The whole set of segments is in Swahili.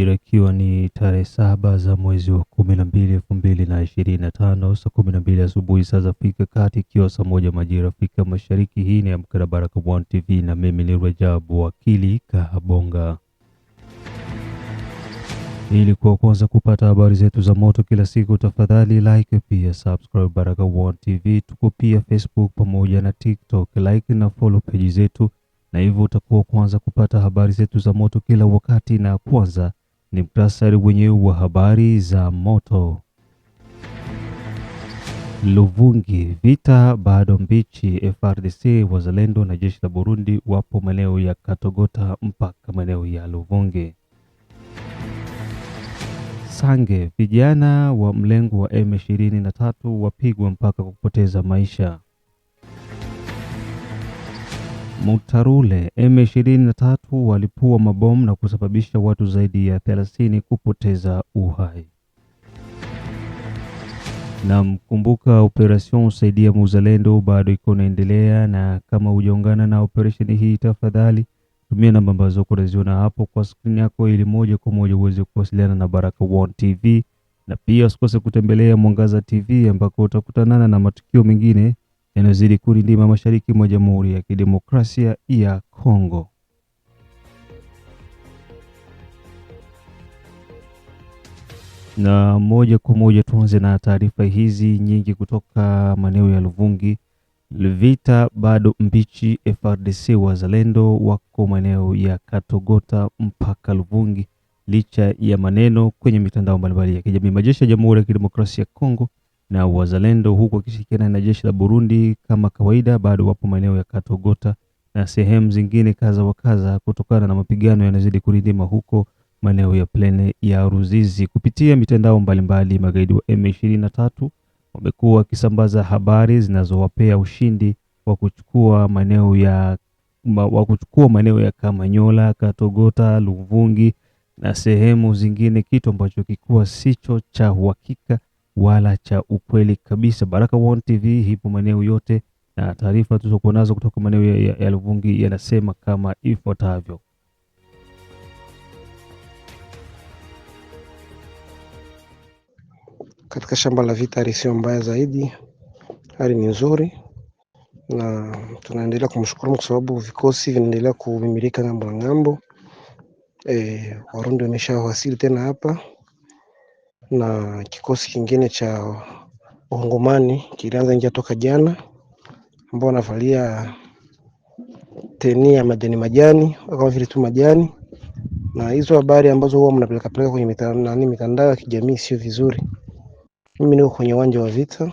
majira ikiwa ni tarehe saba za mwezi wa kumi na mbili elfu mbili na ishirini na tano saa kumi na mbili asubuhi saa za Afrika Kati, ikiwa saa moja majira Afrika Mashariki. Hii ni Amka na Baraka One TV na mimi ni Rajabu Wakili Kahabonga. Ili kuwa kwanza kupata habari zetu za moto kila siku, tafadhali like pia subscribe Baraka One TV. Tuko pia Facebook pamoja na TikTok, like na follow peji zetu, na hivyo utakuwa kwanza kupata habari zetu za moto kila wakati. Na kwanza ni muhtasari wenyewe wa habari za moto. Luvungi, vita bado mbichi. FRDC wazalendo na jeshi la Burundi wapo maeneo ya Katogota mpaka maeneo ya Luvungi. Sange, vijana wa mlengo wa M23 wapigwa mpaka kupoteza maisha. Mutarule M23 walipua mabomu na kusababisha watu zaidi ya 30 kupoteza uhai. Na mkumbuka, operation usaidia muzalendo bado iko inaendelea, na kama hujaungana na operesheni hii, tafadhali tumia namba ambazo unaziona hapo kwa skrini yako, ili moja kwa moja uweze kuwasiliana na baraka One TV, na pia usikose kutembelea Mwangaza TV ambako utakutanana na matukio mengine yanayozidi kurindima mashariki mwa Jamhuri ya Kidemokrasia ya Kongo. Na moja kwa moja tuanze na taarifa hizi nyingi kutoka maeneo ya Luvungi. Vita bado mbichi, wa wazalendo wako maeneo ya Katogota mpaka Luvungi licha ya maneno kwenye mitandao mbalimbali ya kijamii. Majeshi ya Jamhuri ya Kidemokrasia ya Kongo na wazalendo huku wakishirikiana na jeshi la Burundi kama kawaida bado wapo maeneo ya Katogota na sehemu zingine kaza wa kaza kutokana na mapigano yanazidi kurindima huko maeneo ya plene ya Ruzizi. Kupitia mitandao mbalimbali, magaidi wa M23 wamekuwa wakisambaza habari zinazowapea ushindi wa kuchukua maeneo ya wa kuchukua maeneo ya Kamanyola, Katogota, Luvungi na sehemu zingine, kitu ambacho kikuwa sicho cha uhakika wala cha ukweli kabisa. Baraka One TV hipo maeneo yote na taarifa tulizokuwa nazo kutoka maeneo ya, ya, ya Luvungi yanasema kama ifuatavyo. Katika shamba la vita hali sio mbaya zaidi, hali ni nzuri na tunaendelea kumshukuru kwa sababu vikosi vinaendelea kuvimilika ng'ambo na ng'ambo. E, Warundi wameshawasili tena hapa na kikosi kingine cha Ongomani kilianza njia toka jana, ambao wanavalia tenia ya majani majani kama vile tu majani. Na hizo habari ambazo huwa mnapelekapeleka kwenye mitandao mitandao ya kijamii sio vizuri. Mimi niko kwenye uwanja wa vita,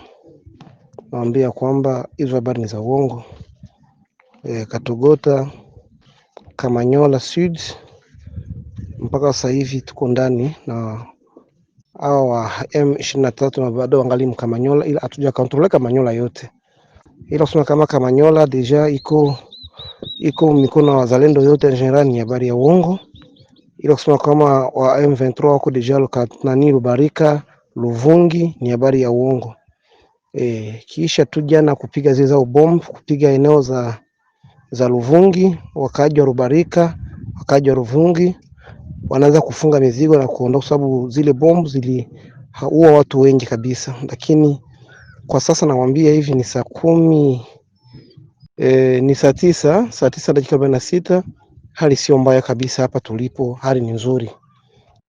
naambia kwamba hizo habari ni za uongo. E, Katogota Kamanyola Sud mpaka sasa hivi tuko ndani na au wa ah, M23 na bado angalimu Kamanyola, ila atuja kontrole Kamanyola yote, ila usema kama Kamanyola deja iko iko mikono wa zalendo yote general, ni habari ya uongo. Ila kusema kama wa M23 wako deja lokatnani Lubarika, Luvungi, ni habari ya uongo. E, kisha tu jana kupiga zile zao bomb kupiga eneo za za Luvungi, wakaaji wa Rubarika, wakaaji wa Ruvungi wanaanza kufunga mizigo na kuondoka, sababu zile bombu ziliua watu wengi kabisa. Lakini kwa sasa nawaambia hivi ni saa kumi e, ni saa tisa, saa tisa dakika arobaini na sita. Hali sio mbaya kabisa hapa tulipo, hali ni nzuri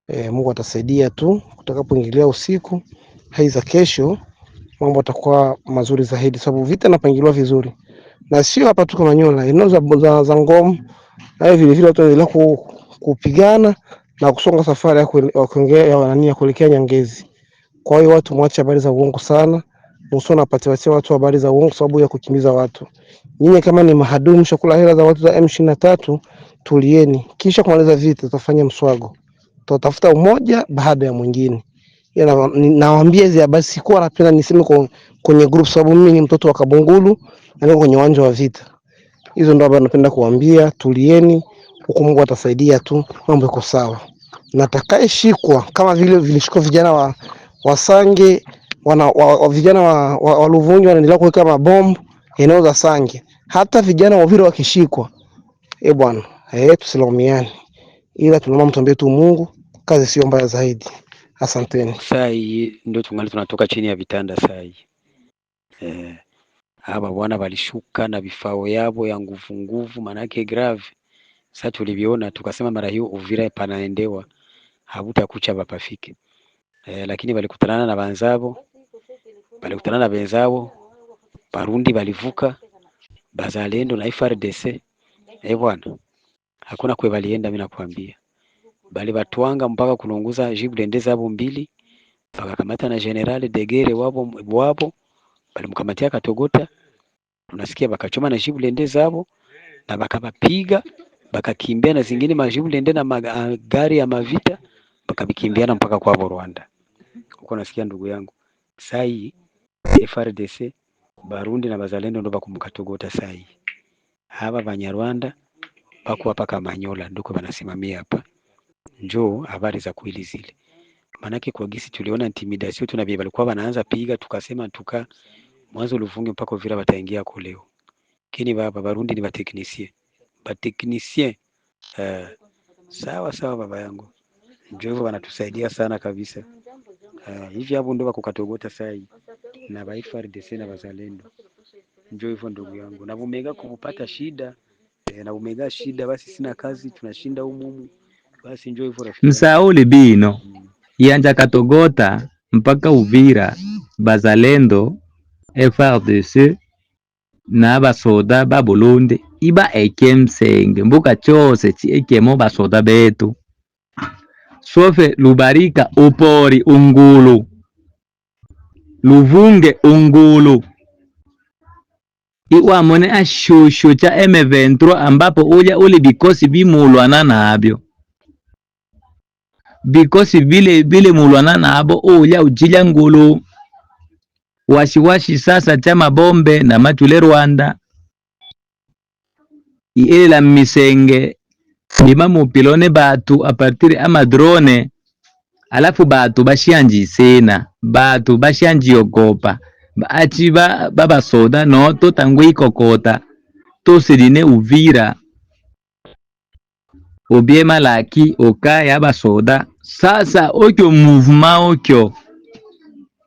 e, Mungu atasaidia tu kutakapoingilia usiku hai za kesho, mambo atakuwa mazuri zaidi, sababu vita napangiliwa vizuri na sio hapa tu Kamanyola, eneo za, za, za Ngom vile vile watu wanaendelea kupigana na kusonga safari ya ya ya nani kuelekea Nyangezi. Kwa hiyo watu mwache habari za uongo sana, msona apatiwatia watu habari za uongo sababu ya kukimbiza watu. Nyinyi kama ni mahadumu shakula hela za watu za M23, tulieni, kisha kumaliza vita tutafanya mswago, tutatafuta umoja baada ya mwingine. Nawaambia hizi habari sikuwa napenda niseme kwenye group sababu mimi ni mtoto wa Kabungulu na niko kwenye uwanja wa vita. Hizo ndo habari napenda kuambia, tulieni huko Mungu atasaidia tu, mambo yako sawa. Natakayeshikwa kama vile vilishikwa vijana wa Wasange wana, wa, wa vijana wa, wa, wa Luvungi wanaendelea kuweka mabomu eneo za Sange, hata vijana wa Uvira wakishikwa, eh bwana eh, tusilaumiane, ila tunaomba mtuombee tu Mungu, kazi sio mbaya zaidi. Asanteni. Sai ndio tungali tunatoka chini ya vitanda sai. Eh, aba bwana walishuka na vifao yabo ya nguvu nguvu, manake grave sasa tuliviona tukasema, mara hiyo Uvira panaendewa habutakucha bapafike e, eh, lakini walikutana na banzabo, walikutana na wenzao Barundi walivuka Bazalendo na FRDC. Eh bwana, hakuna kwe balienda, mimi nakwambia, bali batwanga mpaka kulunguza jibu lende zabo mbili, mpaka kamata na General Degere wabo wabo, mkamatia Katogota, unasikia bakachoma na jibu lende zabo na bakabapiga bakakimbia na zingine majibu lende na magari ah, ya mavita bakabikimbiana mpaka kwa Rwanda. huko. nasikia ndugu yangu, sai FRDC Barundi na bazalendo ndo bakumkatogota sai. Haba Banyarwanda bako hapa Kamanyola ndiko banasimamia hapa. Njoo habari za kweli zile. Manake kwa gisi tuliona intimidation tuna bibi walikuwa wanaanza piga, tukasema tuka mwanzo ulifunge mpaka vira wataingia kwa leo. Kini baba Barundi ni bateknisie ba technicien uh, sawa sawa, baba yangu, ndio hivyo wanatusaidia sana kabisa. Uh, hivi hapo ndio bakukatogota sai na baifaridese na bazalendo, ndio hivyo ndugu yangu, na vumega kupata shida eh, na umega shida, basi sina kazi, tunashinda umumu, basi ndio hivyo rafiki. Msauli bino hmm. yanja katogota mpaka Uvira bazalendo FARDC na basoda babulunde iba ekemsenge mbuka chose ekemo basota betu sofe lubarika upori ungulu luvunge ungulu iwamone ashushu cha M23 ambapo uja uli bikosi vimulwana nabyo bikosi vile vile mulwana nabo uja uchila ngulu washiwashi sasa cha mabombe na machule Rwanda iela mmisenge ndima mupilone batu apartire amadrone alafu batu bashianjisina batu bashianjiogopa achi ba babasoda noto tangu ikokota tosidine uvira obie malaki okaya basoda sasa okyo muvuma okyo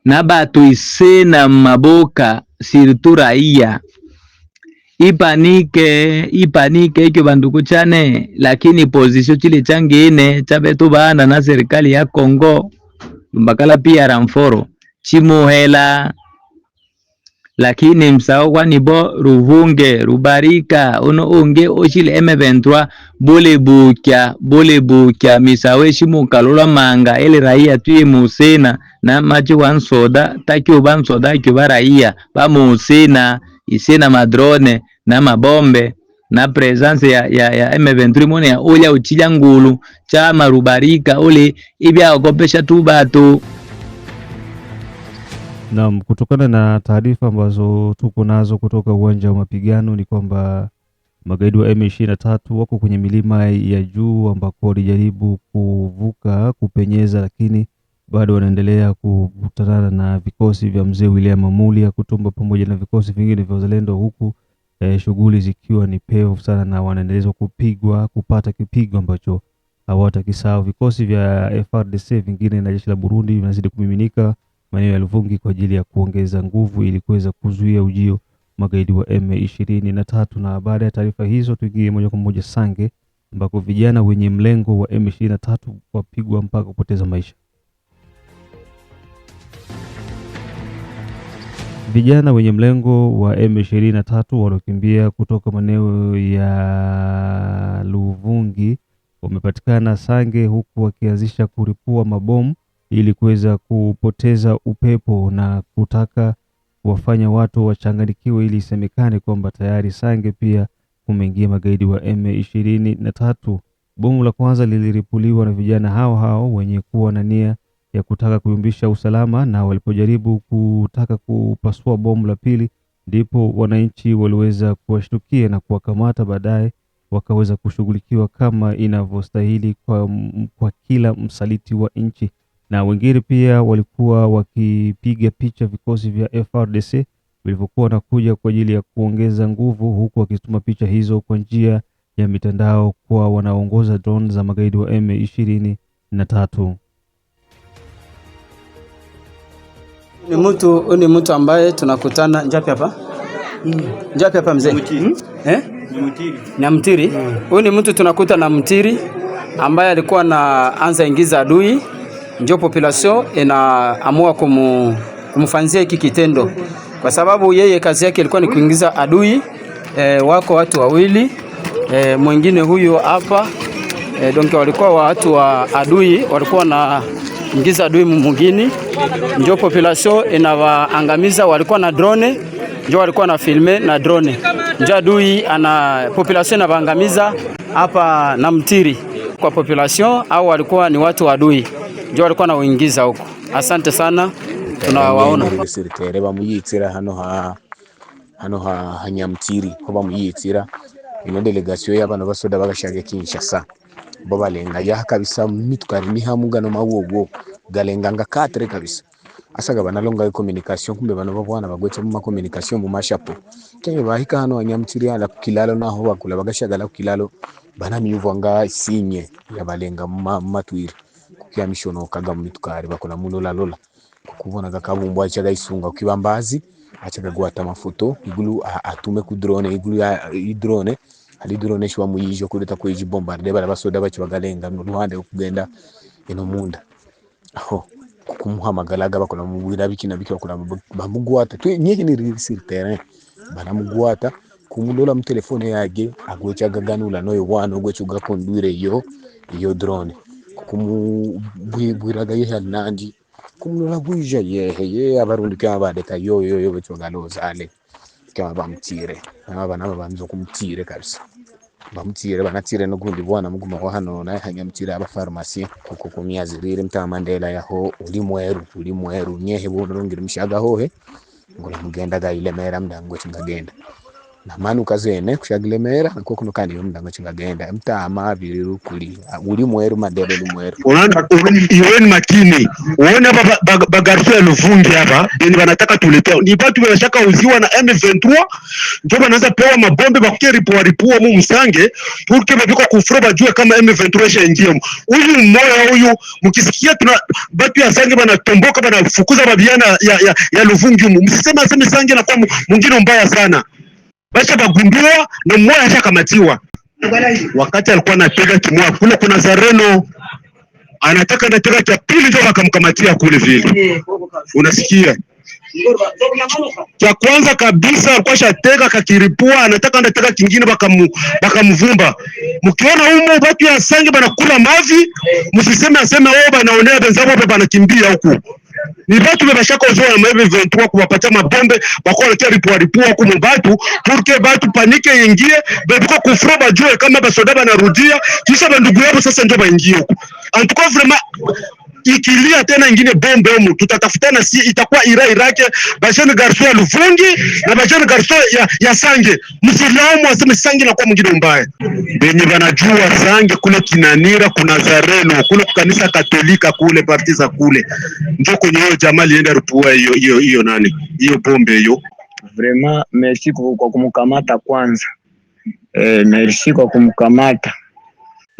na batu isena mmaboka siritu raia ipanike ipanike ikyo bandu kuchane lakini pozisho chile changine chabetu bana na serikali ya Kongo mbakala pia ramforo chimuhela lakini msao kwani bo ruvunge rubarika uno unge oshile M23 bule bukya bule bukya misawe shimu kalula manga ele raia tuye musena na machi wansoda takiuba nsoda akiuba raia bamusena isie na madrone na mabombe na presence ya, ya, ya M23 mone ya ulya uchilya ngulu cha marubarika uli okopesha tu batu nam kutokana na taarifa ambazo tuko nazo kutoka uwanja wa mapigano ni kwamba magaidi wa M23 wako kwenye milima ya juu ambako walijaribu kuvuka kupenyeza, lakini bado wanaendelea kukutana na vikosi vya mzee William Amuli Kutumba pamoja na vikosi vingine vya uzalendo huku eh, shughuli zikiwa ni pevu sana na wanaendelezwa kupigwa kupata kipigo ambacho hawatakisahau. Vikosi vya frdc vingine na jeshi la Burundi vinazidi kumiminika maeneo ya Luvungi kwa ajili ya kuongeza nguvu ili kuweza kuzuia ujio magaidi wa M23. Na baada ya taarifa hizo, tuingie moja kwa moja Sange ambako vijana wenye mlengo wa M23 wapigwa mpaka kupoteza maisha. Vijana wenye mlengo wa M23 waliokimbia kutoka maeneo ya Luvungi wamepatikana Sange huku wakianzisha kuripua mabomu ili kuweza kupoteza upepo na kutaka kuwafanya watu wachanganyikiwe ili isemekane kwamba tayari Sange pia kumeingia magaidi wa M23. Bomu la kwanza liliripuliwa na vijana hao hao wenye kuwa na nia ya kutaka kuyumbisha usalama, na walipojaribu kutaka kupasua bomu la pili, ndipo wananchi waliweza kuwashtukia na kuwakamata, baadaye wakaweza kushughulikiwa kama inavyostahili kwa, kwa kila msaliti wa nchi. Na wengine pia walikuwa wakipiga picha vikosi vya frdc vilivyokuwa wanakuja kwa ajili ya kuongeza nguvu, huku wakituma picha hizo kwa njia ya mitandao kwa wanaongoza drone za magaidi wa M ishirini Ni mtu ni mtu ambaye tunakutana njapi hapa mm. Njapi hapa mzee mm? eh? na mtiri hmm. huyu mm. ni mtu tunakuta na mtiri ambaye alikuwa na anza ingiza adui, ndio population inaamua kumu, kumfanzia hiki kitendo, kwa sababu yeye kazi yake ilikuwa ni kuingiza adui e, wako watu wawili e, mwingine huyu hapa e, eh, donke walikuwa watu wa adui walikuwa na ingiza adui mumugini, njo population inawaangamiza. Walikuwa na drone, njo walikuwa na filme na drone, njo adui ana population inawaangamiza hapa na mtiri kwa population, au walikuwa ni watu wa adui, njo walikuwa na uingiza huko. Asante sana, tunawaona bamuyitsira hano ha hano ha hanyamtiri ho bamuyitsira ino delegation y'abana basoda bagashaka Kinshasa babalengayaha kabisa mitwarire n'ihamwe gano mawogo galenganga katre kabisa asaga banalonga communication kumbe bano babwana bagwetse mu communication mu mashapo kenye bahika hano wanyamtiria ala kilalo naho bakula bagashagala kilalo banami uvanga sinye yabalenga matwiri kukia mishono kaga mitukari bakula mulola lola kukubona gakabumbu achaga isunga ukibambazi achaga guata mafoto igulu atume ku drone igulu ya drone ali aliduronesha muyijjo kudeta kuyijja bombardé bala basoda bakibagalenda mu Rwanda okugenda eno munda aho kumuhamagalaga bakola mubwira biki na biki bakola bamugwata nyinyi ni risir terrain banamugwata kumulola mu telefone yage agwechagaganula noyo wana ogwechugakondwire yo yo drone kumubwiraga yehe alinandi kumulola bwija yehe ye abarundi kama badeka yoyoyo bechwagaloza ale kama bamtire ama banaba banza kumtire kabisa bamutire banatire nogundi bwana muguma wahano naye hanyamutire aba farumasi kuko kumyazirire mtama mandela yaho uli mweru uli mweru nyehe mushaga hohe ngo mugendaga ilemera mndango chingagenda namani ukaziene kushagilemera nako kunokani yo mndango chingagenda mtama viliru kuli uli mweru madele uli mweru olanda iweni makini uone hapa bagarcia lufungi hapa beni wanataka tuletea ni watu shaka uziwa na M23 njoba wanaanza pewa mabombe bakuke ripuwa ripuwa mu msange purke mabiko kufuro bajue kama M23 shaingia uyu mmoja uyu mkisikia tuna batu ya sange banatomboka tomboka babiana fukuza babiana ya lufungi umu msisema aseme sange na kwa mungino mbaya sana basi akagundua na mmoja ashakamatiwa. kamatiwa. Wakati alikuwa anapiga kimoa kule, kuna zareno anataka nataka cha pili ndio akamkamatia kule vile, unasikia cha kwanza kabisa alikuwa shateka kakiripua, anataka anateka kingine, bakamvumba. Mkiona umo batu ya sangi banakula mavi, msiseme aseme oh, wao banaonea benzao hapa, banakimbia huku ni batu bebashakozona maeve 23 kubapatia mabombe bakoaletea ripuaripua kumu batu purke batu panike ingie bebiko kufro bajue kama basoda banarudia kisha bandugu yabo sasa ndio baingie huko antuko vraiment ikilia tena ingine bombe humu, tutatafutana si itakuwa ira irake bajene garso ya Luvungi na bajene garso ya, ya Sange. Msilaumu aseme Sange na kwa mwingine mbaya, benye banajua Sange kule Kinanira kuna zareno kule kukanisa Katolika kule parti za kule njo kwenye hiyo jamaa lienda rupua hiyo hiyo hiyo nani hiyo bombe hiyo. Vraiment merci kwa kumkamata kwanza eh, merci kwa kumkamata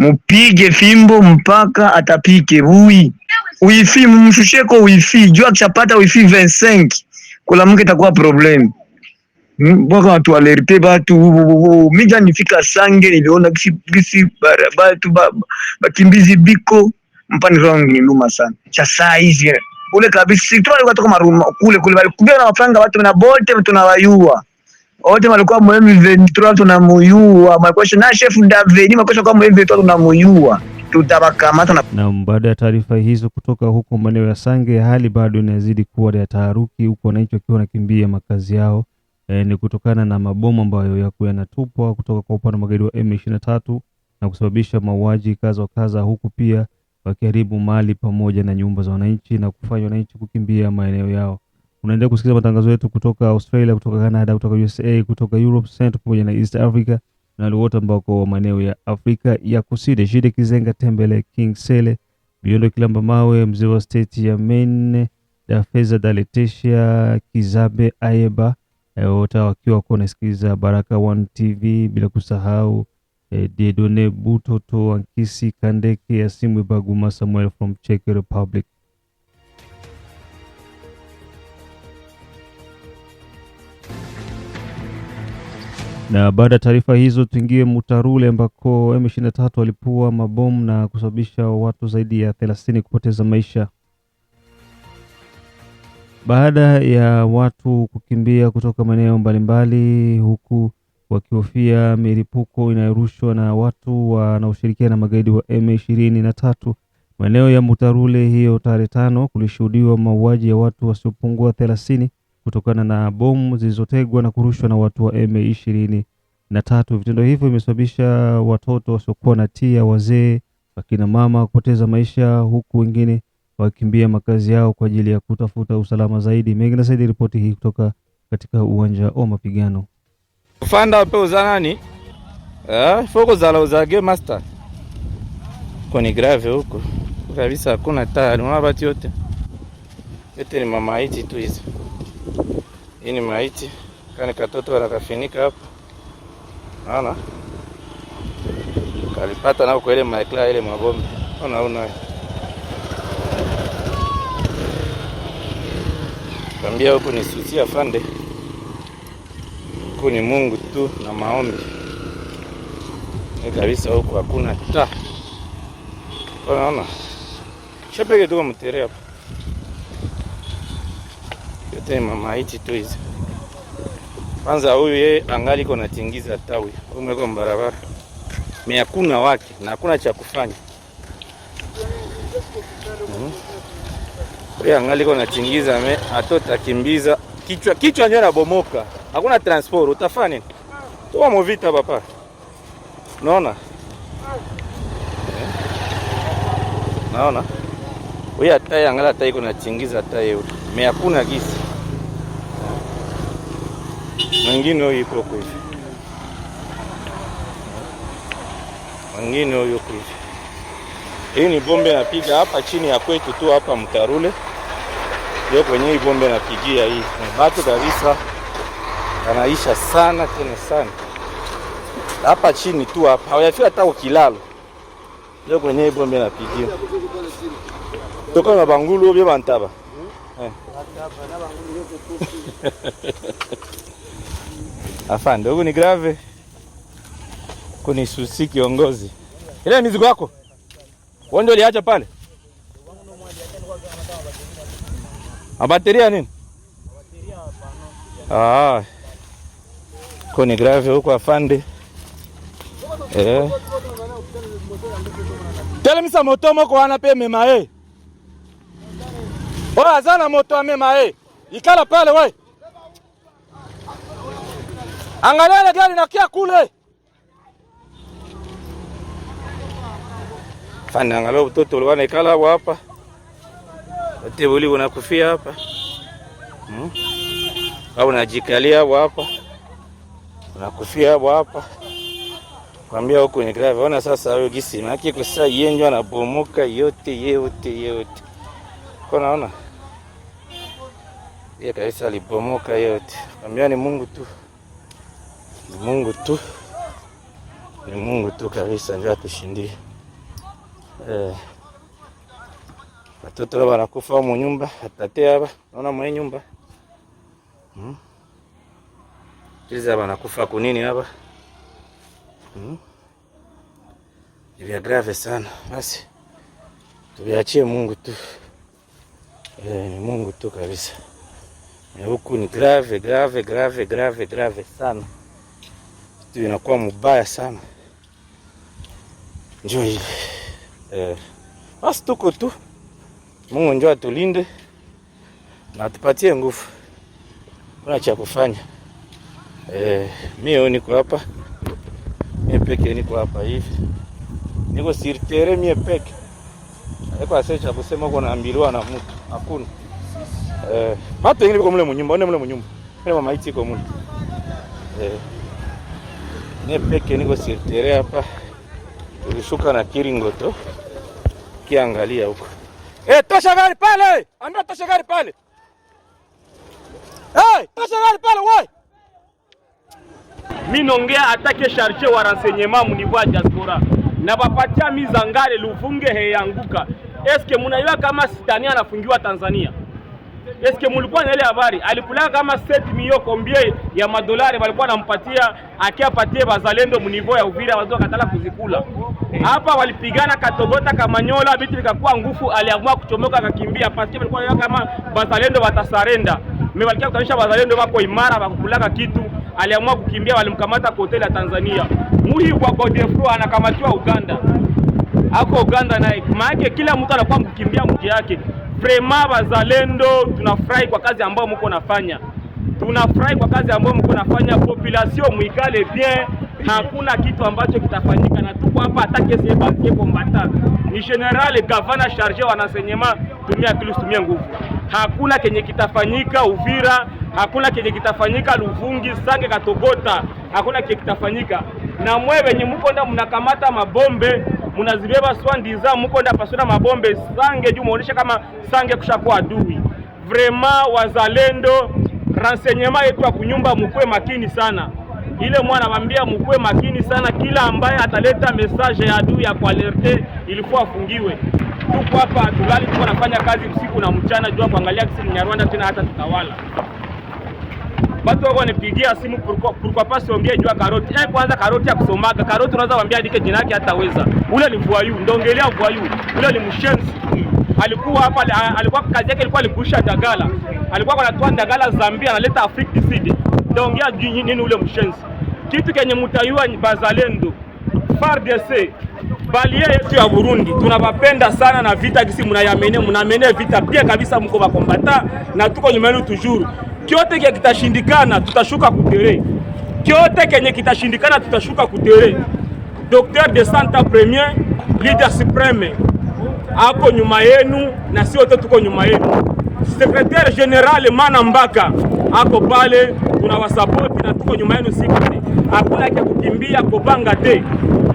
mupige fimbo mpaka atapike bui wifi, mumshusheko wifi juu akishapata wifi 25 kula mke takuwa problem hmm, mpaka watu alerte batu mija nifika sange niliona kisi kisi batu bakimbizi biko mpani rangi niluma sana cha saa hizi ule kabisa tu alikuwa toka maruma kule kule bali kubia na mafranga watu na bote tunawayua wote walikuwa muhimu tulikuwa tunamuyua makosha na chef Daveni makosha kwa muhimu tulikuwa tunamuyua na... na baada ya taarifa hizo kutoka huko maeneo ya Sange, hali bado inazidi kuwa ya taharuki, huku wananchi wakiwa wanakimbia makazi yao. E, ni kutokana na mabomu ambayo yako yanatupwa kutoka kwa upande wa magaidi wa M23 na kusababisha mauaji kaza kaza, huku pia wakiharibu mali pamoja na nyumba za wananchi na kufanya wananchi kukimbia maeneo yao. Unaendelea kusikiliza matangazo yetu kutoka Australia, kutoka Canada, kutoka USA, kutoka Europe Central pamoja na East Africa na wote ambao kwa maeneo ya Afrika ya Kusini. Shide Kizenga Tembele, King Sele, Biondo Kilamba Mawe, mzee wa state ya Maine, Dafeza Daletesia, Kizabe Ayeba, eh, wote wakiwa wanasikiliza Baraka One TV, bila kusahau eh, Dedone Butoto Ankisi Kandeke ya Simu Baguma Samuel from Czech Republic. Na baada ya taarifa hizo, tuingie Mutarule ambako M23 walipua mabomu na kusababisha watu zaidi ya 30 kupoteza maisha. Baada ya watu kukimbia kutoka maeneo mbalimbali huku wakihofia milipuko inayorushwa na watu wanaoshirikiana na magaidi wa M23 maeneo ya Mutarule hiyo tarehe tano, kulishuhudiwa mauaji ya watu wasiopungua thelathini kutokana na bomu zilizotegwa na kurushwa na watu wa M23. Vitendo hivyo vimesababisha watoto wasiokuwa na tia, wazee, akina mama kupoteza maisha, huku wengine wakimbia makazi yao kwa ajili ya kutafuta usalama zaidi. Mengi na zaidi, ripoti hii kutoka katika uwanja wa mapigano ufanda pe uzanani ah eh, foko zala game master koni grave huko kabisa, hakuna taa yote yote, ni mama hizi tu hizo. Hii ni maiti kani katoto wanakafinika hapo, naona kalipata nao kwa ile maekla ile magombe, naona kambia huku ni susi afande, huku ni Mungu tu na maombi ni kabisa, huku hakuna ta, naona shapeke tuko mtere hapo yote mamaiti tu hizi. Kwanza huyu yeye angali iko natingiza tawi umeko mbarabara me hakuna wake na hakuna cha kufanya huyu hmm. angali iko natingiza me atotakimbiza kichwa kichwa nyo nabomoka, hakuna transport, utafanya nini? Toa movita papa, naona hmm? naona huyu atai angali atai iko natingiza tai me hakuna gisi Mwingine huyu yuko hivi, mwingine huyu yuko hivi. Hii ni bombe napiga hapa chini ya kwetu tu hapa Mtarule, ndio kwenye hii bombe napigia hii. mabati kabisa anaisha sana tena sana hapa chini tu hapa, hawajafika hata ukilalo, ndio kwenye hii bombe napigia toka na bangulu vye bantaba eh. Afande, huku ni grave kunisusi kiongozi. Ile mizigo yako wewe ndio uliacha pale, abateria nini? Ah, kuni grave huko afande. Eh, telemisa moto moko wana pe mema eh. Oya zana moto amema eh. Ikala pale wewe. Angalia ile gari inakia kule. Fanya angalia mtoto ulikuwa naikala hapo hapa. Tebuli unakufia hapa. Hmm? Au unajikalia hapo hapa. Unakufia hapo hapa. Kwambia huko ni grave. Ona sasa huyo gisi maki kwa sasa yenyewe anabomoka yote yote yote. Kona ona. Yeye kaisa alibomoka yote. Kwambia ni Mungu tu ni Mungu tu, ni Mungu tu kabisa, ndio atushindia. Eh, watoto wanakufa mu nyumba, atate aba naona mwe nyumba hmm? Kiza wanakufa kunini hapa hmm? Vya grave sana. Basi tuviachie Mungu tu eh, ni Mungu tu kabisa. Huku ni grave grave grave grave grave sana inakuwa mubaya sana. Njo hivi eh, basi tuko tu, Mungu njo atulinde na atupatie nguvu, kuna cha kufanya eh. Mimi niko hapa, mimi peke niko hapa hivi, niko siritere mimi peke ikoasecha kusema uko naambiliwa na mtu hakuna. Eh, watu wengine viko mule munyumba, one mule munyumba ile mamaiti iko mule eh ne peke niko sirtere hapa, tulishuka na kiringoto kiangalia huko. Eh, tosha gari pale, ambia tosha gari pale. Hey, tosha gari pale wewe. Mimi naongea atake charger wa renseignement ya diaspora na bapatia mizangare luvunge heyanguka. Eske munaiwa kama sitania anafungiwa Tanzania eske mulikuwa na ile habari? Alikula kama 7 milio kombie ya madolari walikuwa nampatia akiapatie bazalendo mnivo ya Uvira, wazo katala kuzikula hapa. Walipigana katogota kamanyola, vitu vikakuwa ngufu, aliamua kuchomoka akakimbia, paske walikuwa na kama bazalendo watasarenda me walikia kutanisha bazalendo wako imara, wakukulaka kitu. Aliamua kukimbia, walimkamata kwa hoteli ya Tanzania. Muhi kwa Godefro anakamatiwa Uganda, ako Uganda naye maake, kila mtu anakuwa mkukimbia mji yake. Vrema bazalendo, tunafurahi kwa kazi ambayo mko nafanya, tunafurahi kwa kazi ambayo mko nafanya. Population mwikale bien, hakuna kitu ambacho kitafanyika, na tuko hapa atakesebaiekombata ni general gavana charge wanasema tumia akili tumia nguvu. Hakuna kenye kitafanyika Uvira, hakuna kenye kitafanyika Luvungi, Sange, Katogota, hakuna kenye kitafanyika na mwe wenye mko nda mnakamata mabombe munazibeba swa ndiza muko nda pasuna mabombe sange juu muonesha kama sange kushakuwa adui. Vrema wazalendo, ransenyema yetu kunyumba, mukue makini sana ile mwana anawambia mkuwe makini sana. Kila ambaye ataleta mesaje ya adui ya kualerte ilikuwa afungiwe. Tuko hapa tulali, tuko nafanya kazi usiku na mchana jua kuangalia kisi Mnyarwanda tena hata tutawala Watu wako wanipigia simu kwa pasi ongee jua karoti. Eh, kwanza karoti ya kusomaga. Karoti unaweza kuambia andike jina yake hataweza. Ule ni vuayu, ndio ongelea vuayu. Ule ni mshenzi. Alikuwa hapa alikuwa kazi yake ilikuwa alikusha dagala. Alikuwa anatoa dagala Zambia analeta Afrika Kusini. Ndio ongea nini ule mshenzi. Kitu kenye mtayua ni bazalendo. FARDC balie yetu ya Burundi tunawapenda sana na vita kisi munayamene munamene vita pia kabisa, mko bakombata na tuko nyuma yenu toujours kyote kenye kitashindikana tutashuka kutere, kyote kenye kitashindikana tutashuka kutere. Docteur de Santa Premier leader supreme ako nyuma yenu, na si wote tuko nyuma yenu. Secretaire general Mana Mbaka ako pale, wasapoti na tuko nyuma yenu siku hizi, hakuna cha kukimbia kopanga te.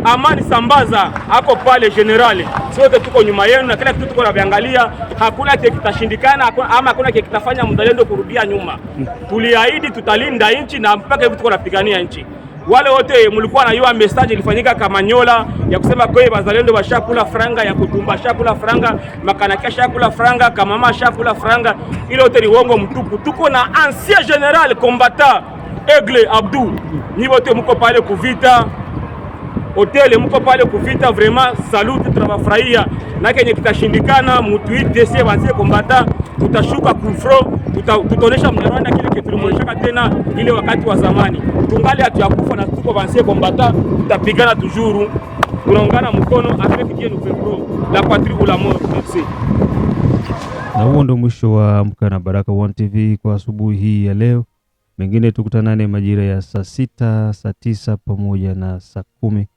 Amani Sambaza ako pale generali, sote tuko nyuma yenu na kila kitu tuko naviangalia, hakuna kile kitashindikana ama hakuna kile kitafanya mzalendo kurudia nyuma. Tuliahidi tutalinda nchi na mpaka hivi tuko napigania nchi wale wote mlikuwa najua message ilifanyika Kamanyola ya kusema kweli bazalendo bashakula franga ya kutumba, shakula franga makanakia, shakula franga kamama, shakula franga. Ile yote ni uongo mtupu. Tuko na ancien general combattant Egle Abdou, ni wote mko pale kuvita hotel mko pale kuvita. Vraiment saluti, tunawafurahia na kenye kitashindikana mutuitese wanzie kombata, tutashuka kufro, tutaonesha mnyarwanda kile kile tena ile wakati wa zamani tungali hatuyakufa na tuko vansie kombata, tutapigana tujuru, tunaungana mkono avec Dieu nous fait pro la patrie ou la mort. Merci. Na huo ndo mwisho wa Amka na Baraka One TV kwa asubuhi hii ya leo. Mengine tukutanane majira ya saa sita, saa tisa pamoja na saa kumi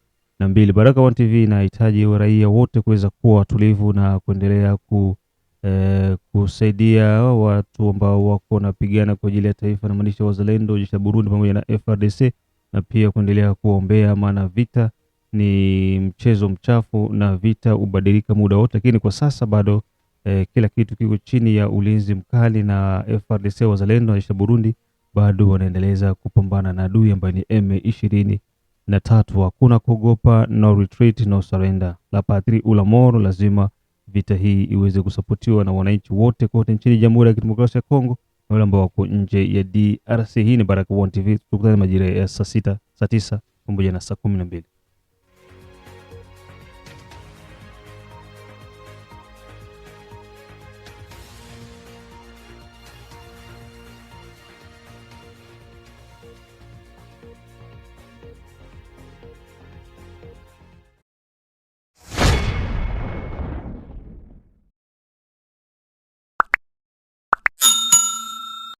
na mbili. Baraka One TV inahitaji raia wote kuweza kuwa watulivu na kuendelea ku e, kusaidia watu ambao wako wanapigana kwa ajili ya taifa na maanisha wazalendo, jeshi la Burundi pamoja na frdc na pia kuendelea kuombea, maana vita ni mchezo mchafu na vita hubadilika muda wote, lakini kwa sasa bado e, kila kitu kiko chini ya ulinzi mkali na frdc wazalendo na jeshi la Burundi bado wanaendeleza kupambana na adui ambaye ni M23 na tatu. Hakuna kuogopa, no retreat, no surrender. La patrie ou la mort, lazima vita hii iweze kusapotiwa na wananchi wote kote nchini Jamhuri ya Kidemokrasia ya Kongo na wale ambao wako nje ya DRC. Hii ni Baraka1 TV, tukutane majira ya saa sita, saa tisa pamoja na saa kumi na mbili.